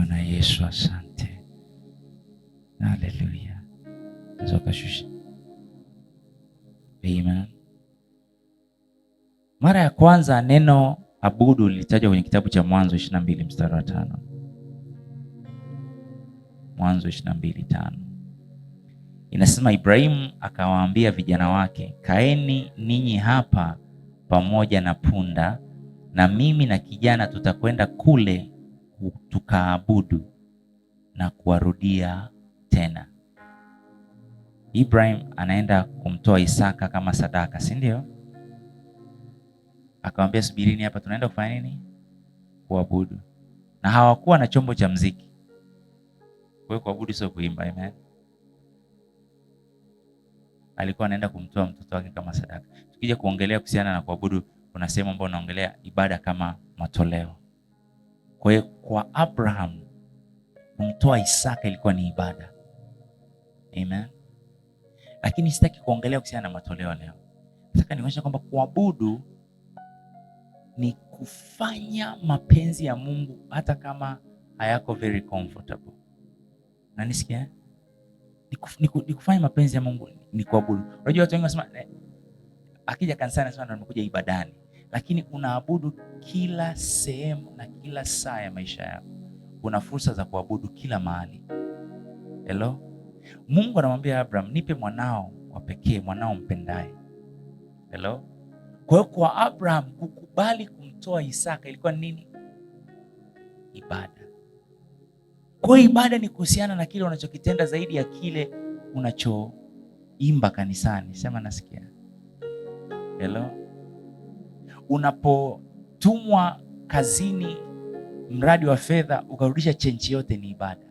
Bwana Yesu, asante. Haleluya. Zokashusha. Amen. Mara ya kwanza neno abudu lilitajwa kwenye kitabu cha Mwanzo 22 mstari wa tano. Mwanzo 22 tano inasema, Ibrahimu akawaambia vijana wake, kaeni ninyi hapa pamoja na punda, na mimi na kijana tutakwenda kule tukaabudu na kuwarudia tena. Ibrahim anaenda kumtoa Isaka kama sadaka, si ndio? Akamwambia, subirini hapa, tunaenda kufanya nini? Kuabudu. Na hawakuwa na chombo cha mziki, kwa hiyo kuabudu sio kuimba. Amen. Alikuwa anaenda kumtoa mtoto wake kama sadaka. Tukija kuongelea kuhusiana na kuabudu, kuna sehemu ambayo unaongelea ibada kama matoleo kwa hiyo kwa Abraham kumtoa Isaka ilikuwa ni ibada. Amen. Lakini sitaki kuongelea kuhusiana na matoleo leo. Nataka nionyeshe kwamba kuabudu ni kufanya mapenzi ya Mungu hata kama hayako very comfortable. Nanisikia? Ni kufanya mapenzi ya Mungu ni kuabudu. Unajua watu wengi wanasema eh, akija kanisani anasema ndo nimekuja ibadani lakini unaabudu kila sehemu na kila saa ya maisha yako. Kuna fursa za kuabudu kila mahali. Hello, Mungu anamwambia Abraham, nipe mwanao wa pekee, mwanao mpendaye. Hello, kwa hiyo kwa Abraham kukubali kumtoa Isaka ilikuwa nini? Ibada. Kwa hiyo ibada ni kuhusiana na kile unachokitenda zaidi ya kile unachoimba kanisani. Sema nasikia. Hello unapotumwa kazini, mradi wa fedha, ukarudisha chenji yote, ni ibada.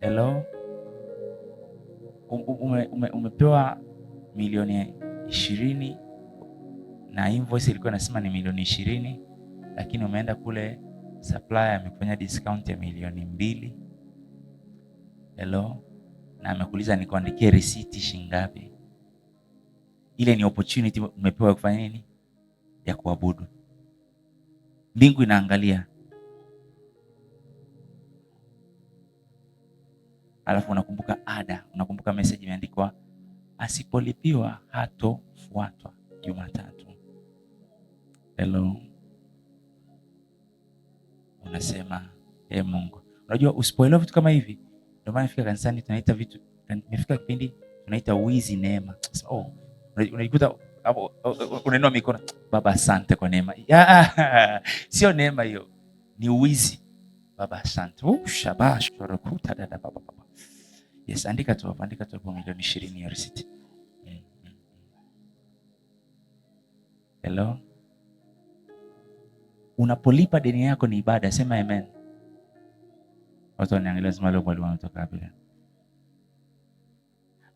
Hello, ume, ume, umepewa milioni ishirini na invoice ilikuwa inasema ni milioni ishirini lakini umeenda kule supplier amekufanya discount ya milioni mbili. Hello, na amekuuliza nikuandikie risiti shingapi? Ile ni opportunity umepewa ya kufanya nini? Ya kuabudu. Mbingu inaangalia, alafu unakumbuka ada, unakumbuka message imeandikwa, asipolipiwa hatofuatwa. Jumatatu hello, unasema e ee hey, Mungu. Unajua, usipoelewa vitu kama hivi, ndio maana nafika kanisani tunaita vitu, nimefika kipindi tunaita wizi neema. Oh, unajikuta unainua mikono, Baba asante kwa neema. Ah, sio neema hiyo, ni uwizi. Baba asante. Yes, andika tu hapo, andika tu hapo milioni ishirini ya risiti. Mm, mm, mm. Hello. Unapolipa deni yako ni ibada, sema amen. Watu wanaangalia, sema leo mwalimu anatoka wapi?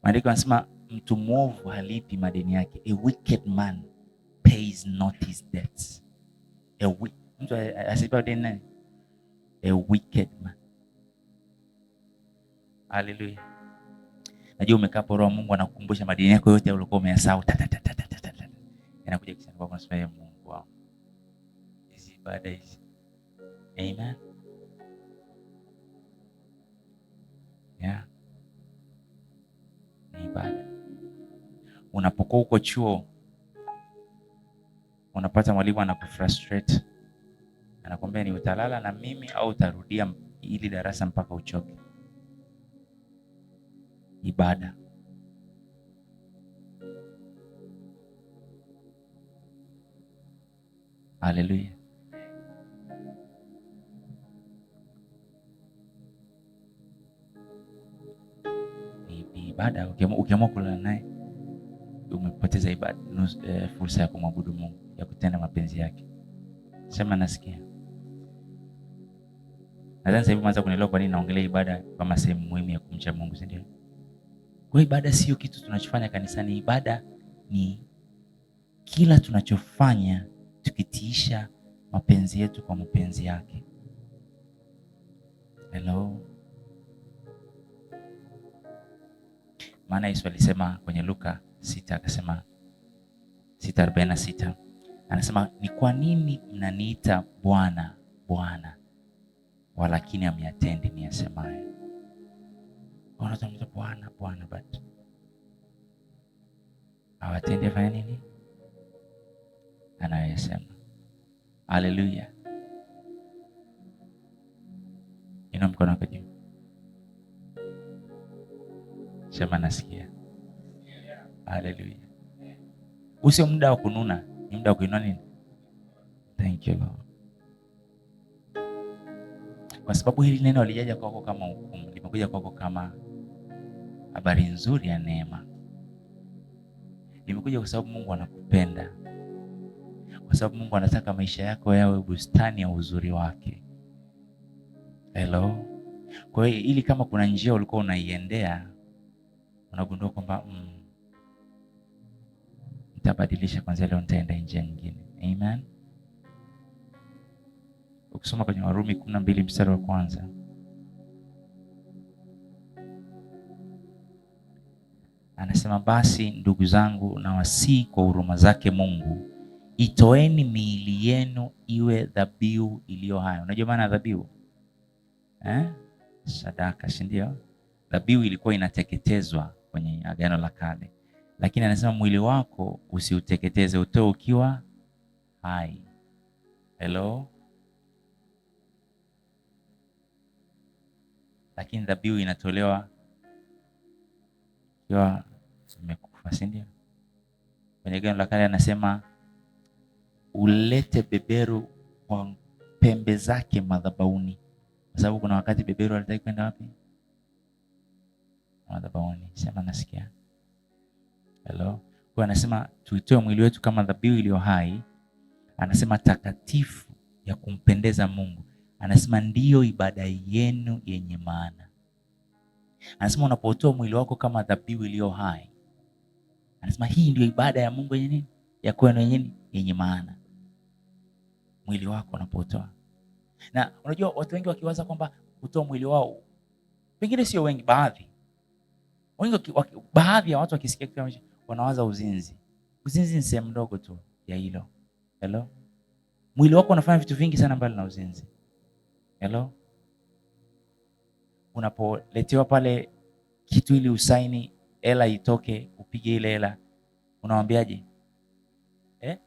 Maandiko yanasema mtu mwovu halipi madeni yake, a wicked man pays not his debts. A mtu asipa deni naye, a wicked man. Haleluya! Najua umekaa hapo, Roho Mungu anakukumbusha madeni yako yote uliokuwa umeyasahau, yanakuja kichwani kwako, unasema Mungu wangu, hizi ibada hizi. Amen, yeah. Unapokuwa uko chuo, unapata mwalimu anakufrustrate, anakwambia ni utalala na mimi au utarudia ili darasa mpaka uchoke. Ibada Haleluya. ibada ukiamua kulala naye kupoteza ibada, e, fursa ya kumwabudu Mungu, ya kutenda mapenzi yake. Sema nasikia. Nadhani sasa hivi mwanza kunielewa kwa nini naongelea ibada kama sehemu muhimu ya kumcha Mungu, si ndio? Kwa ibada sio kitu tunachofanya kanisani, ibada ni kila tunachofanya tukitiisha mapenzi yetu kwa mapenzi yake. Hello. Maana Yesu alisema kwenye Luka sita akasema sita arobaini na sita anasema ni kwa nini mnaniita Bwana Bwana, walakini ni niyasemayo. anazungumza Bwana Bwana, but awatendi afanya nini anayoyasema. Haleluya! ina mkono wako juu, sema nasikia Haleluya. Usio muda wa kununa, ni muda wa kuinua nini? Thank you Lord. Kwa sababu hili neno alijaja kwako kama hukumu, limekuja kwako kama habari nzuri ya neema. Limekuja kwa sababu Mungu anakupenda, kwa sababu Mungu anataka maisha yako yawe bustani ya uzuri wake. Hello. Kwa hiyo ili kama kuna njia ulikuwa unaiendea unagundua kwamba mm, nitabadilisha kwanzia leo, nitaenda njia nyingine. Amen. Ukisoma kwenye Warumi kumi na mbili mstari wa kwanza anasema, basi ndugu zangu, na kwa huruma zake Mungu, itoeni miili yenu iwe dhabihu iliyo hai. Unajua maana dhabihu eh? Sadaka, si ndio? Dhabihu ilikuwa inateketezwa kwenye Agano la Kale lakini anasema mwili wako usiuteketeze, utoe ukiwa hai. Hello. Lakini dhabihu inatolewa ikiwa imekufa, si ndio? Kwenye Agano la Kale anasema ulete beberu kwa pembe zake madhabauni kwa sababu kuna wakati beberu alitaki kwenda wapi? madhabauni Sema nasikia Hello? Kwa anasema tuitoe mwili wetu kama dhabihu iliyo hai, anasema takatifu ya kumpendeza Mungu, anasema ndiyo ibada yenu yenye maana. Anasema unapotoa mwili wako kama dhabihu iliyo hai, anasema hii ndio ibada ya Mungu yenye nini, ya kwenu yenye yenye maana, mwili wako unapotoa. Na unajua watu wengi wakiwaza kwamba kutoa mwili wao, pengine sio wengi, baadhi wengi, baadhi ya watu wakisikia kitu wanawaza uzinzi. Uzinzi ni sehemu ndogo tu ya hilo. Hello? Mwili wako unafanya vitu vingi sana mbali na uzinzi. Hello? Unapoletewa pale kitu ili usaini hela itoke, upige ile hela, unawambiaje eh?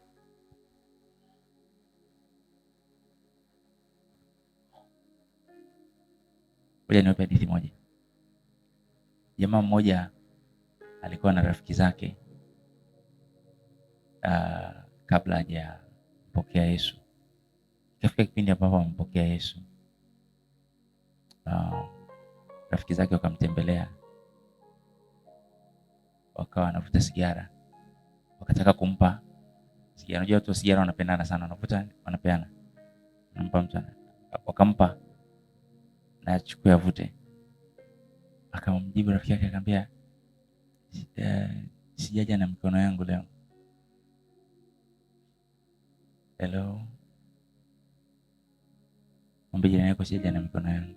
Ngoja niwape hadithi moja. Jamaa mmoja alikuwa na rafiki zake uh, kabla hajampokea Yesu. Ikafika kipindi ambapo ampokea Yesu, uh, rafiki zake wakamtembelea, wakawa wanavuta sigara, wakataka kumpa sigara. Unajua watu wa sigara wanapendana sana, wanavuta wanapeana, nampa mtu, wakampa na achukue avute. Akamjibu rafiki yake akamwambia sijaja na mikono yangu leo. Hello, mwambie jirani yako sijaja na mikono yangu.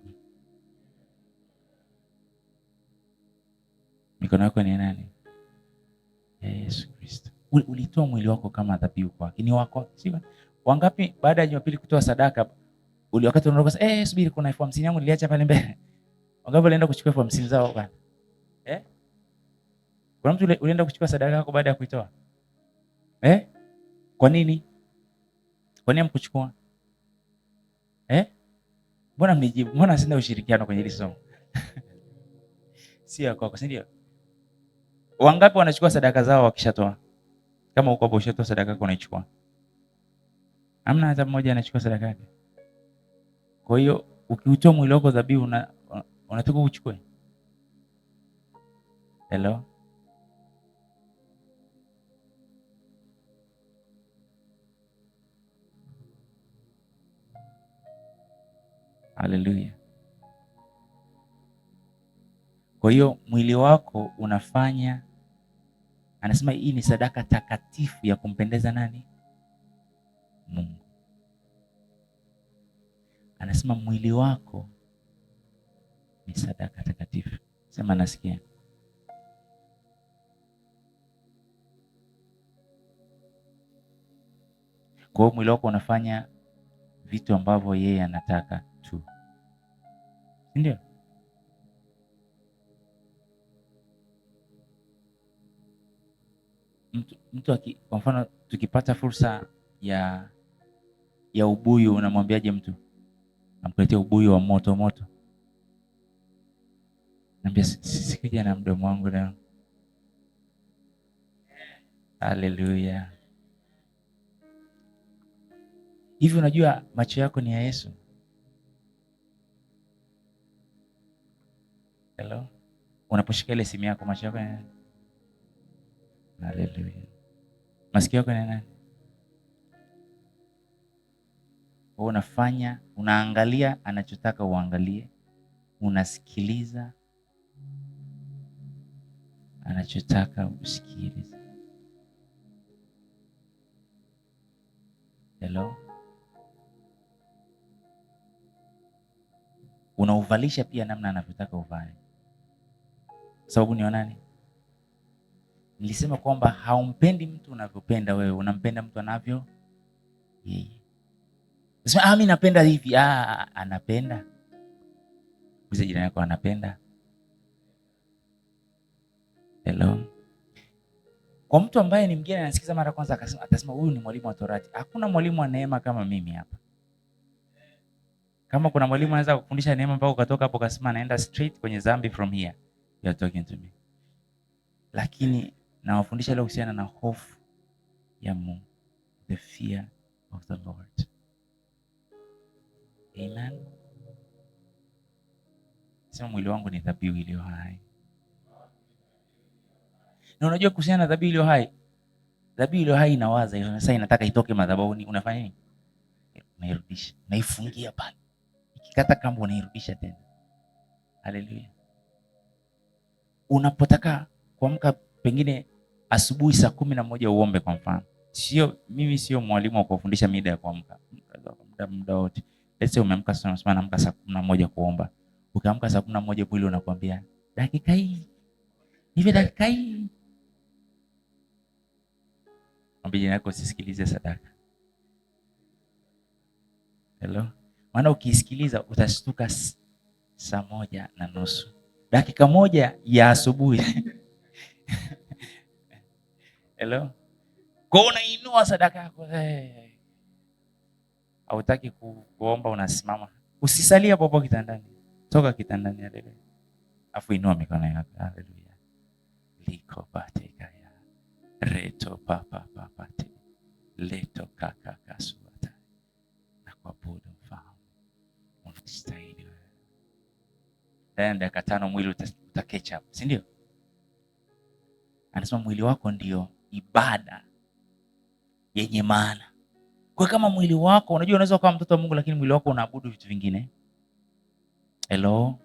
Mikono yako ni nani? Yesu Kristo. Ulitoa mwili wako kama dhabihu kwake, ni wako siwa. Wangapi baada ya Jumapili kutoa sadaka uli wakati unaondoka, eh, subiri kuna elfu hamsini yangu niliacha pale mbele. Wangapi walienda kuchukua elfu hamsini zao bwana? Kuna mtu ulienda kuchukua sadaka yako baada ya kuitoa eh? Kwa nini? Kwa nini hamkuchukua eh? Mbona mnijibu? Mbona sina ushirikiano kwenye hili somo? Sio kwako, si ndio? Wangapi wanachukua sadaka zao wakishatoa? Kama uko hapo ushatoa sadaka yako unaichukua. Hamna hata mmoja anachukua sadaka yake. Kwa hiyo ukiutoa mwili wako dhabihu una, unatoka uchukue. Hello? Haleluya. Kwa hiyo mwili wako unafanya, anasema hii ni sadaka takatifu ya kumpendeza nani? Mungu. Anasema mwili wako ni sadaka takatifu. Sema nasikia. Kwa hiyo mwili wako unafanya vitu ambavyo yeye anataka sindio? Mtu, mtu aki, kwa mfano tukipata fursa ya ya ubuyu, unamwambiaje mtu? Namkuletea ubuyu wa moto moto, naambia sikuja na mdomo wangu leo. Haleluya! Hivi unajua macho yako ni ya Yesu. Hello? Unaposhika ile simu yako macho yako ni nani? Haleluya. Masikio yako ni nani? Wewe unafanya, unaangalia anachotaka uangalie, unasikiliza anachotaka usikilize. Hello? Unauvalisha pia namna anavyotaka uvae sababu ni nani? Nilisema kwamba haumpendi mtu unavyopenda wewe, unampenda mtu anavyo yeye. Nasema ah, mimi napenda hivi. Ah, anapenda uza jirani yako anapenda. Hello. Kwa mtu ambaye ni mgeni anasikiza mara kwanza, akasema atasema huyu ni mwalimu wa Torati. Hakuna mwalimu wa neema kama mimi hapa. Kama kuna mwalimu anaweza kufundisha neema mpaka ukatoka hapo ukasema naenda straight kwenye zambi from here are talking to me. Lakini eh. nawafundisha leo kuhusiana na hofu ya Mungu, the fear of the Lord. Amen. Sema mwili wangu ni dhabihu iliyo hai. Na unajua kuhusiana na dhabihu iliyo hai, dhabihu iliyo hai inawaza hiyo, sasa inataka itoke madhabahuni, unafanya nini? Unairudisha, unaifungia pale, ikikata kamba unairudisha tena. Haleluya unapotaka kuamka pengine asubuhi saa kumi na moja uombe kwa mfano. Sio mimi sio mwalimu wa kuwafundisha mida ya kuamka. Muda muda wote. Let's say umeamka sana sana amka saa kumi na moja kuomba. Ukiamka saa kumi na moja mwili unakwambia dakika hii. Hivi dakika hii. mbili yako usisikilize sadaka. Hello. Maana ukisikiliza utashtuka saa moja na nusu dakika moja ya asubuhi Hello? Kwa unainua sadaka yako eh. hautaki ku, kuomba unasimama, usisalia popo kitandani, toka kitandani, haleluya, afu inua mikono yako, haleluya, liko pateka ya reto papa leto kaka kasuata na kuabudu mfahamu unastahili ndani ya dakika tano mwili uta catch up, si ndio? Anasema mwili wako ndio ibada yenye maana. Kwa kama mwili wako, unajua unaweza kuwa mtoto wa Mungu lakini mwili wako unaabudu vitu vingine. Hello.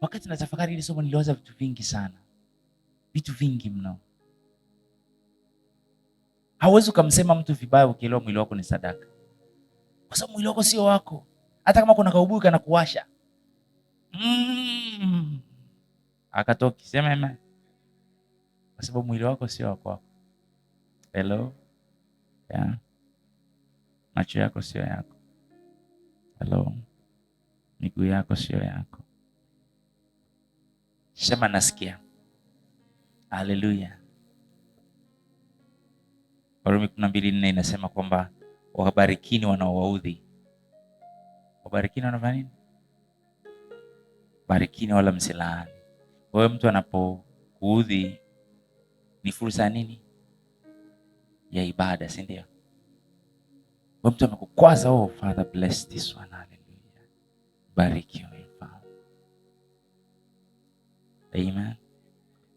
Wakati natafakari ile somo niliwaza vitu vingi sana, vitu vingi mno. Hauwezi ukamsema mtu vibaya ukielewa mwili wako ni sadaka, kwa sababu mwili wako sio wako. Hata kama kuna kaubuka na kuwasha mm, akatoki sema kwa sababu mwili wako sio wako wako. Hello, yeah. Macho yako sio yako. Hello, miguu yako sio yako. Sema nasikia. Haleluya. Warumi kumi na mbili nne inasema kwamba wabarikini wanaowaudhi, wabarikini wanafanya nini? barikini wala msilaani. Kwa hiyo mtu anapokuudhi ni fursa ya nini? Ya ibada, si ndio? Kwa mtu amekukwaza, oh Father bless this one, Hallelujah. bariki wewe Father. Amen.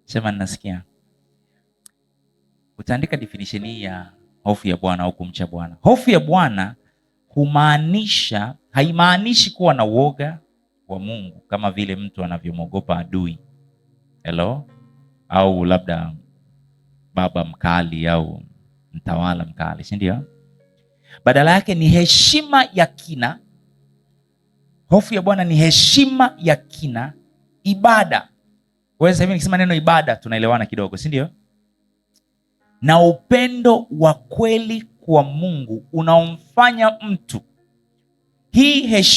Sema nasikia. Utaandika definition hii ya hofu ya Bwana au kumcha Bwana. Hofu ya Bwana humaanisha, haimaanishi kuwa na uoga wa Mungu kama vile mtu anavyomwogopa adui. Hello? Au labda baba mkali au mtawala mkali, si ndio? Badala yake ni heshima ya kina. Hofu ya Bwana ni heshima ya kina, ibada. Wewe sasa hivi nikisema neno ibada tunaelewana kidogo, si ndio? Na upendo wa kweli kwa Mungu unaomfanya mtu hii heshima